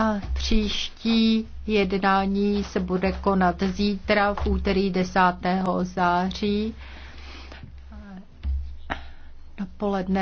a příští jednání se bude konat zítra v úterý 10. září dopoledne.